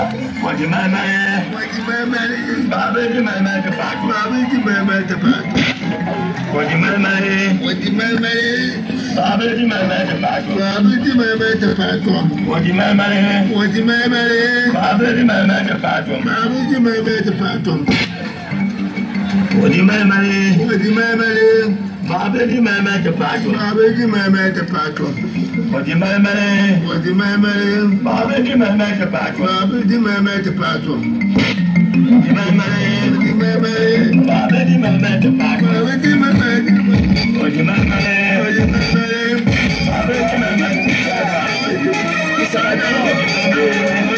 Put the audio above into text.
Wakimama ye. Wakimama ye. Baba kimama kapak. Baba kimama kapak. Wakimama ye. Wakimama ye. Baba kimama kapak. Baba kimama kapak. Wakimama ye. Wakimama ye. Baba kimama kapak. Baba kimama kapak. Wakimama ye. Wakimama ye. Abegi mẹ́mẹ́ ti pàjọ. Abegi mẹ́mẹ́ ti pàjọ. Ọ̀dì mẹ́mẹ́. Ọ̀dì mẹ́mẹ́. Abegi mẹ́mẹ́ ti pàjọ. Abegi mẹ́mẹ́ ti pàjọ. Ọ̀dì mẹ́mẹ́. Ọ̀dì mẹ́mẹ́. Abegi mẹ́mẹ́ ti pàjọ. Abegi mẹ́mẹ́ ti pàjọ. Ọ̀dì mẹ́mẹ́. Ọ̀dì mẹ́mẹ́. Abegi mẹ́mẹ́ ti pàjọ. Ìsàlẹ̀ náà.